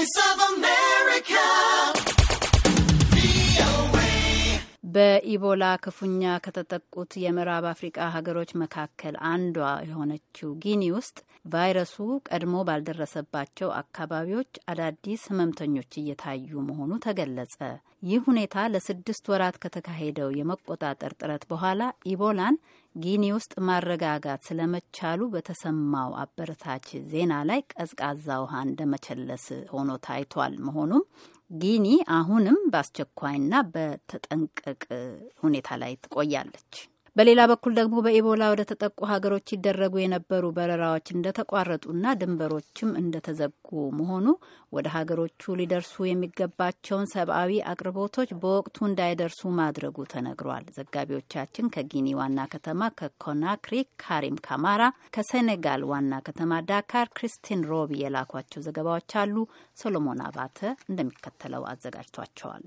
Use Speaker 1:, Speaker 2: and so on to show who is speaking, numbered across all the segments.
Speaker 1: Voice of America.
Speaker 2: በኢቦላ ክፉኛ ከተጠቁት የምዕራብ አፍሪቃ ሀገሮች መካከል አንዷ የሆነችው ጊኒ ውስጥ ቫይረሱ ቀድሞ ባልደረሰባቸው አካባቢዎች አዳዲስ ህመምተኞች እየታዩ መሆኑ ተገለጸ። ይህ ሁኔታ ለስድስት ወራት ከተካሄደው የመቆጣጠር ጥረት በኋላ ኢቦላን ጊኒ ውስጥ ማረጋጋት ስለመቻሉ በተሰማው አበረታች ዜና ላይ ቀዝቃዛ ውሃ እንደመቸለስ ሆኖ ታይቷል። መሆኑም ጊኒ አሁንም በአስቸኳይና በተጠንቀቅ ሁኔታ ላይ ትቆያለች። በሌላ በኩል ደግሞ በኢቦላ ወደ ተጠቁ ሀገሮች ይደረጉ የነበሩ በረራዎች እንደተቋረጡና ድንበሮችም እንደተዘጉ መሆኑ ወደ ሀገሮቹ ሊደርሱ የሚገባቸውን ሰብአዊ አቅርቦቶች በወቅቱ እንዳይደርሱ ማድረጉ ተነግሯል። ዘጋቢዎቻችን ከጊኒ ዋና ከተማ ከኮናክሪ ካሪም ካማራ፣ ከሴኔጋል ዋና ከተማ ዳካር ክሪስቲን ሮቢ የላኳቸው ዘገባዎች አሉ። ሶሎሞን አባተ እንደሚከተለው አዘጋጅቷቸዋል።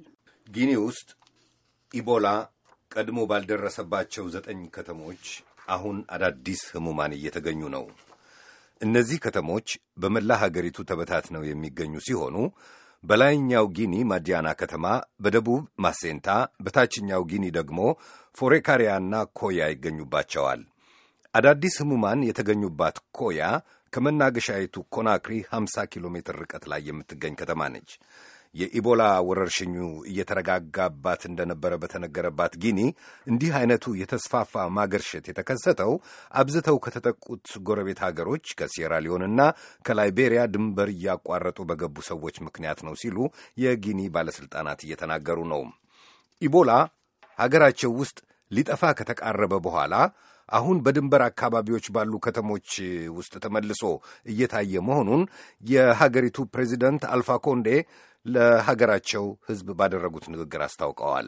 Speaker 3: ጊኒ ውስጥ ኢቦላ ቀድሞ ባልደረሰባቸው ዘጠኝ ከተሞች አሁን አዳዲስ ህሙማን እየተገኙ ነው። እነዚህ ከተሞች በመላ ሀገሪቱ ተበታትነው የሚገኙ ሲሆኑ በላይኛው ጊኒ ማዲያና ከተማ፣ በደቡብ ማሴንታ፣ በታችኛው ጊኒ ደግሞ ፎሬካሪያና ኮያ ይገኙባቸዋል። አዳዲስ ህሙማን የተገኙባት ኮያ ከመናገሻይቱ ኮናክሪ 50 ኪሎ ሜትር ርቀት ላይ የምትገኝ ከተማ ነች። የኢቦላ ወረርሽኙ እየተረጋጋባት እንደነበረ በተነገረባት ጊኒ እንዲህ አይነቱ የተስፋፋ ማገርሸት የተከሰተው አብዝተው ከተጠቁት ጎረቤት ሀገሮች ሊዮንና ከላይቤሪያ ድንበር እያቋረጡ በገቡ ሰዎች ምክንያት ነው ሲሉ የጊኒ ባለሥልጣናት እየተናገሩ ነው። ኢቦላ ሀገራቸው ውስጥ ሊጠፋ ከተቃረበ በኋላ አሁን በድንበር አካባቢዎች ባሉ ከተሞች ውስጥ ተመልሶ እየታየ መሆኑን የሀገሪቱ ፕሬዚደንት አልፋ ኮንዴ ለሀገራቸው ሕዝብ ባደረጉት ንግግር አስታውቀዋል።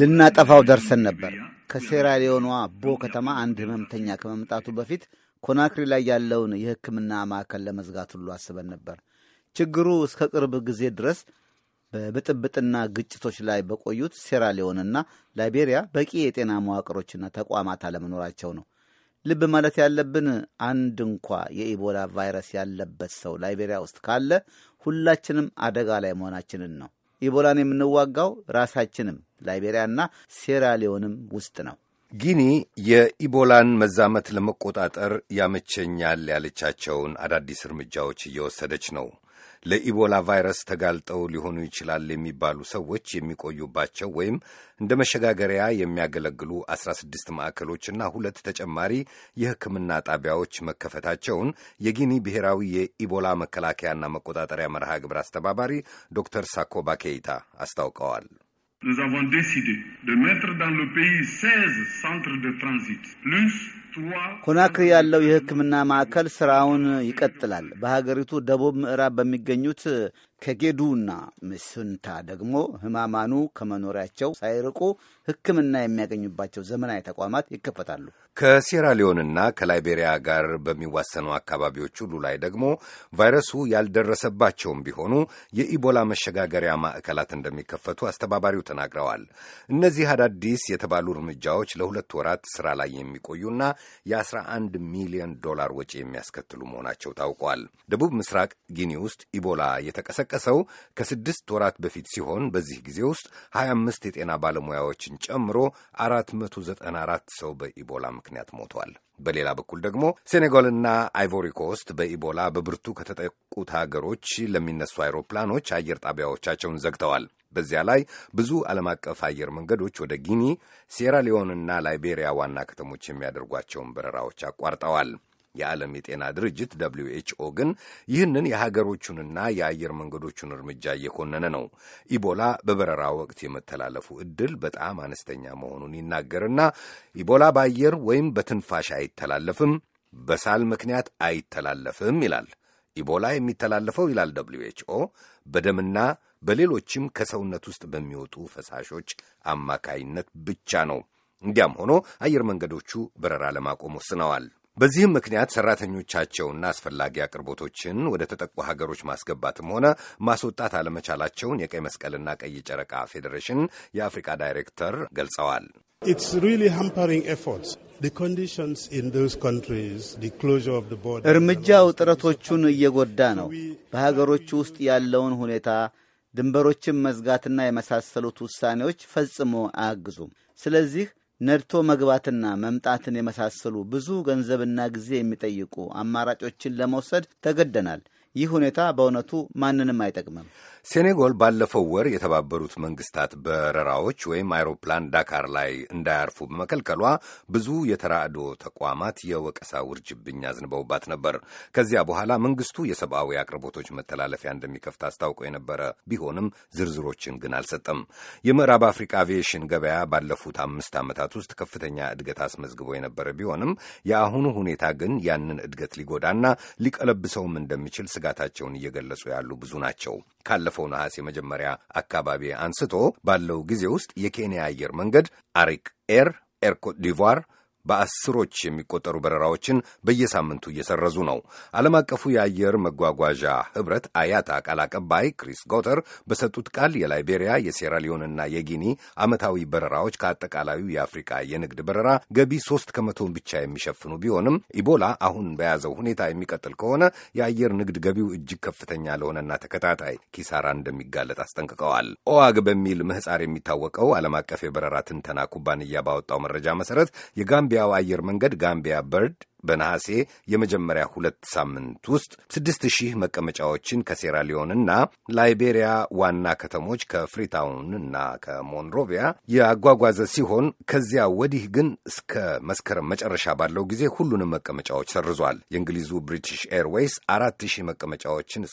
Speaker 1: ልናጠፋው ደርሰን ነበር። ከሴራሊዮኗ ቦ ከተማ አንድ ህመምተኛ ከመምጣቱ በፊት ኮናክሪ ላይ ያለውን የሕክምና ማዕከል ለመዝጋት ሁሉ አስበን ነበር። ችግሩ እስከ ቅርብ ጊዜ ድረስ በብጥብጥና ግጭቶች ላይ በቆዩት ሴራሊዮንና ላይቤሪያ በቂ የጤና መዋቅሮችና ተቋማት አለመኖራቸው ነው። ልብ ማለት ያለብን አንድ እንኳ የኢቦላ ቫይረስ ያለበት ሰው ላይቤሪያ ውስጥ ካለ ሁላችንም አደጋ ላይ መሆናችንን ነው። ኢቦላን የምንዋጋው ራሳችንም ላይቤሪያና ሴራሊዮንም ውስጥ ነው።
Speaker 3: ጊኒ የኢቦላን መዛመት ለመቆጣጠር ያመቸኛል ያለቻቸውን አዳዲስ እርምጃዎች እየወሰደች ነው። ለኢቦላ ቫይረስ ተጋልጠው ሊሆኑ ይችላል የሚባሉ ሰዎች የሚቆዩባቸው ወይም እንደ መሸጋገሪያ የሚያገለግሉ 16 ማዕከሎችና ሁለት ተጨማሪ የሕክምና ጣቢያዎች መከፈታቸውን የጊኒ ብሔራዊ የኢቦላ መከላከያና መቆጣጠሪያ መርሃ ግብር አስተባባሪ ዶክተር ሳኮባ ባኬይታ አስታውቀዋል።
Speaker 1: Nous avons décidé de mettre dans le pays 16 centres de transit, plus ኮናክሪ ያለው የሕክምና ማዕከል ስራውን ይቀጥላል። በሀገሪቱ ደቡብ ምዕራብ በሚገኙት ከጌዱና ምስንታ ደግሞ ህማማኑ ከመኖሪያቸው ሳይርቁ ሕክምና የሚያገኙባቸው ዘመናዊ ተቋማት ይከፈታሉ።
Speaker 3: ከሴራሊዮንና ከላይቤሪያ ጋር በሚዋሰኑ አካባቢዎች ሁሉ ላይ ደግሞ ቫይረሱ ያልደረሰባቸውም ቢሆኑ የኢቦላ መሸጋገሪያ ማዕከላት እንደሚከፈቱ አስተባባሪው ተናግረዋል። እነዚህ አዳዲስ የተባሉ እርምጃዎች ለሁለት ወራት ስራ ላይ የሚቆዩና የ11 ሚሊዮን ዶላር ወጪ የሚያስከትሉ መሆናቸው ታውቋል። ደቡብ ምስራቅ ጊኒ ውስጥ ኢቦላ የተቀሰቀሰው ከስድስት ወራት በፊት ሲሆን በዚህ ጊዜ ውስጥ 25 የጤና ባለሙያዎችን ጨምሮ 494 ሰው በኢቦላ ምክንያት ሞቷል። በሌላ በኩል ደግሞ ሴኔጋልና አይቮሪ ኮስት በኢቦላ በብርቱ ከተጠቁት ሀገሮች ለሚነሱ አይሮፕላኖች አየር ጣቢያዎቻቸውን ዘግተዋል። በዚያ ላይ ብዙ ዓለም አቀፍ አየር መንገዶች ወደ ጊኒ፣ ሴራ ሊዮንና ላይቤሪያ ዋና ከተሞች የሚያደርጓቸውን በረራዎች አቋርጠዋል። የዓለም የጤና ድርጅት ደብሊው ኤችኦ ግን ይህንን የሀገሮቹንና የአየር መንገዶቹን እርምጃ እየኮነነ ነው። ኢቦላ በበረራ ወቅት የመተላለፉ ዕድል በጣም አነስተኛ መሆኑን ይናገርና ኢቦላ በአየር ወይም በትንፋሽ አይተላለፍም፣ በሳል ምክንያት አይተላለፍም ይላል። ኢቦላ የሚተላለፈው ይላል ደብሊው ኤችኦ በደምና በሌሎችም ከሰውነት ውስጥ በሚወጡ ፈሳሾች አማካይነት ብቻ ነው። እንዲያም ሆኖ አየር መንገዶቹ በረራ ለማቆም ወስነዋል። በዚህም ምክንያት ሰራተኞቻቸውና አስፈላጊ አቅርቦቶችን ወደ ተጠቁ ሀገሮች ማስገባትም ሆነ ማስወጣት አለመቻላቸውን የቀይ መስቀልና ቀይ ጨረቃ ፌዴሬሽን የአፍሪካ ዳይሬክተር ገልጸዋል። እርምጃው ጥረቶቹን እየጎዳ
Speaker 1: ነው። በሀገሮቹ ውስጥ ያለውን ሁኔታ ድንበሮችን መዝጋትና የመሳሰሉት ውሳኔዎች ፈጽሞ አያግዙም። ስለዚህ ነድቶ መግባትና መምጣትን የመሳሰሉ ብዙ ገንዘብና ጊዜ የሚጠይቁ አማራጮችን ለመውሰድ ተገደናል።
Speaker 3: ይህ ሁኔታ በእውነቱ ማንንም አይጠቅምም። ሴኔጎል ባለፈው ወር የተባበሩት መንግስታት በረራዎች ወይም አይሮፕላን ዳካር ላይ እንዳያርፉ በመከልከሏ ብዙ የተራድኦ ተቋማት የወቀሳ ውርጅብኝ አዝንበውባት ነበር። ከዚያ በኋላ መንግስቱ የሰብአዊ አቅርቦቶች መተላለፊያ እንደሚከፍት አስታውቆ የነበረ ቢሆንም ዝርዝሮችን ግን አልሰጠም። የምዕራብ አፍሪካ አቪዬሽን ገበያ ባለፉት አምስት ዓመታት ውስጥ ከፍተኛ እድገት አስመዝግቦ የነበረ ቢሆንም የአሁኑ ሁኔታ ግን ያንን እድገት ሊጎዳና ሊቀለብሰውም እንደሚችል ስጋታቸውን እየገለጹ ያሉ ብዙ ናቸው። ካለፈው ነሐሴ መጀመሪያ አካባቢ አንስቶ ባለው ጊዜ ውስጥ የኬንያ አየር መንገድ አሪክ ኤር፣ ኤር ኮት ዲቯር በአስሮች የሚቆጠሩ በረራዎችን በየሳምንቱ እየሰረዙ ነው። ዓለም አቀፉ የአየር መጓጓዣ ኅብረት አያታ ቃል አቀባይ ክሪስ ጎተር በሰጡት ቃል የላይቤሪያ የሴራሊዮንና የጊኒ ዓመታዊ በረራዎች ከአጠቃላዩ የአፍሪካ የንግድ በረራ ገቢ ሶስት ከመቶውን ብቻ የሚሸፍኑ ቢሆንም ኢቦላ አሁን በያዘው ሁኔታ የሚቀጥል ከሆነ የአየር ንግድ ገቢው እጅግ ከፍተኛ ለሆነና ተከታታይ ኪሳራ እንደሚጋለጥ አስጠንቅቀዋል። ኦዋግ በሚል ምህፃር የሚታወቀው ዓለም አቀፍ የበረራ ትንተና ኩባንያ ባወጣው መረጃ መሠረት የጋም የጋምቢያው አየር መንገድ ጋምቢያ በርድ በነሐሴ የመጀመሪያ ሁለት ሳምንት ውስጥ ስድስት ሺህ መቀመጫዎችን ከሴራሊዮንና ላይቤሪያ ዋና ከተሞች ከፍሪታውን እና ከሞንሮቪያ ያጓጓዘ ሲሆን ከዚያ ወዲህ ግን እስከ መስከረም መጨረሻ ባለው ጊዜ ሁሉንም መቀመጫዎች ሰርዟል። የእንግሊዙ ብሪቲሽ ኤርዌይስ አራት ሺህ መቀመጫዎችን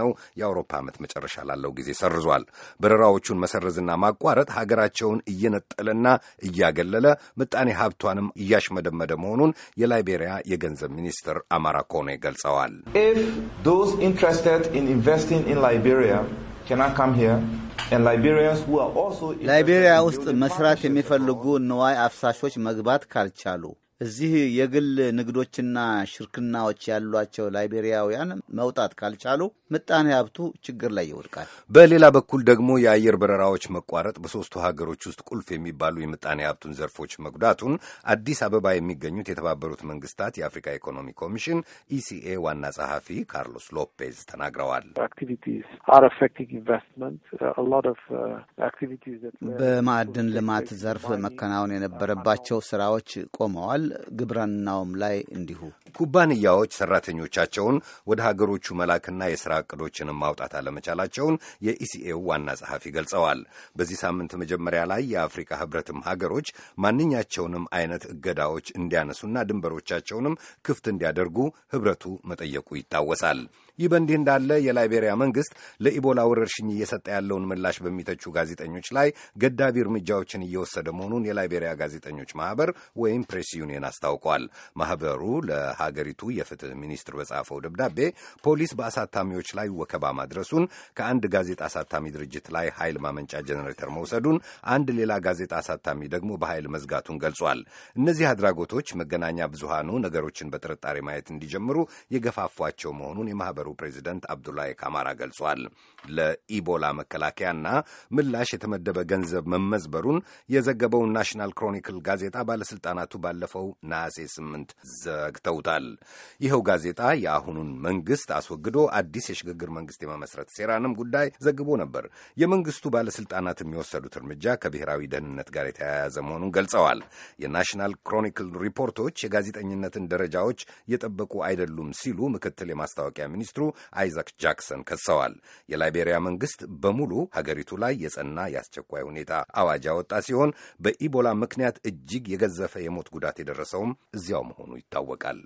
Speaker 3: ነው የአውሮፓ ዓመት መጨረሻ ላለው ጊዜ ሰርዟል። በረራዎቹን መሰረዝና ማቋረጥ ሀገራቸውን እየነጠለና እያገለለ ምጣኔ ሀብቷንም እያሽመደመደ መሆኑን የላይቤ የናይጄሪያ የገንዘብ ሚኒስትር አማራ ኮኔ ገልጸዋል።
Speaker 1: ላይቤሪያ ውስጥ መስራት የሚፈልጉ ንዋይ አፍሳሾች መግባት ካልቻሉ እዚህ የግል ንግዶችና ሽርክናዎች ያሏቸው ላይቤሪያውያን መውጣት ካልቻሉ ምጣኔ ሀብቱ ችግር ላይ ይወድቃል።
Speaker 3: በሌላ በኩል ደግሞ የአየር በረራዎች መቋረጥ በሦስቱ ሀገሮች ውስጥ ቁልፍ የሚባሉ የምጣኔ ሀብቱን ዘርፎች መጉዳቱን አዲስ አበባ የሚገኙት የተባበሩት መንግስታት የአፍሪካ ኢኮኖሚ ኮሚሽን ኢሲኤ ዋና ጸሐፊ ካርሎስ ሎፔዝ ተናግረዋል። uh,
Speaker 1: በማዕድን ልማት ዘርፍ መከናወን የነበረባቸው ስራዎች ቆመዋል።
Speaker 3: ግብርናውም ላይ እንዲሁ ኩባንያዎች ሰራተኞቻቸውን ወደ ሀገሮቹ መላክና የስራ እቅዶችንም ማውጣት አለመቻላቸውን የኢሲኤው ዋና ጸሐፊ ገልጸዋል። በዚህ ሳምንት መጀመሪያ ላይ የአፍሪካ ህብረትም ሀገሮች ማንኛቸውንም አይነት እገዳዎች እንዲያነሱና ድንበሮቻቸውንም ክፍት እንዲያደርጉ ህብረቱ መጠየቁ ይታወሳል። ይህ በእንዲህ እንዳለ የላይቤሪያ መንግስት ለኢቦላ ወረርሽኝ እየሰጠ ያለውን ምላሽ በሚተቹ ጋዜጠኞች ላይ ገዳቢ እርምጃዎችን እየወሰደ መሆኑን የላይቤሪያ ጋዜጠኞች ማህበር ወይም ፕሬስ ዩኒየን አስታውቋል። ማህበሩ ለሀገሪቱ የፍትህ ሚኒስትር በጻፈው ደብዳቤ ፖሊስ በአሳታሚዎች ላይ ወከባ ማድረሱን፣ ከአንድ ጋዜጣ አሳታሚ ድርጅት ላይ ኃይል ማመንጫ ጀኔሬተር መውሰዱን፣ አንድ ሌላ ጋዜጣ አሳታሚ ደግሞ በኃይል መዝጋቱን ገልጿል። እነዚህ አድራጎቶች መገናኛ ብዙሃኑ ነገሮችን በጥርጣሬ ማየት እንዲጀምሩ የገፋፏቸው መሆኑን የማህበሩ የሀገሩ ፕሬዚደንት አብዱላይ ካማራ ገልጿል። ለኢቦላ መከላከያና ምላሽ የተመደበ ገንዘብ መመዝበሩን የዘገበው ናሽናል ክሮኒክል ጋዜጣ ባለሥልጣናቱ ባለፈው ነሐሴ ስምንት ዘግተውታል። ይኸው ጋዜጣ የአሁኑን መንግስት አስወግዶ አዲስ የሽግግር መንግስት የመመስረት ሴራንም ጉዳይ ዘግቦ ነበር። የመንግስቱ ባለሥልጣናት የሚወሰዱት እርምጃ ከብሔራዊ ደህንነት ጋር የተያያዘ መሆኑን ገልጸዋል። የናሽናል ክሮኒክል ሪፖርቶች የጋዜጠኝነትን ደረጃዎች የጠበቁ አይደሉም ሲሉ ምክትል የማስታወቂያ ሚኒስትሩ ሚኒስትሩ አይዛክ ጃክሰን ከሰዋል። የላይቤሪያ መንግስት በሙሉ ሀገሪቱ ላይ የጸና የአስቸኳይ ሁኔታ አዋጅ ያወጣ ሲሆን በኢቦላ ምክንያት እጅግ የገዘፈ የሞት ጉዳት የደረሰውም እዚያው መሆኑ ይታወቃል።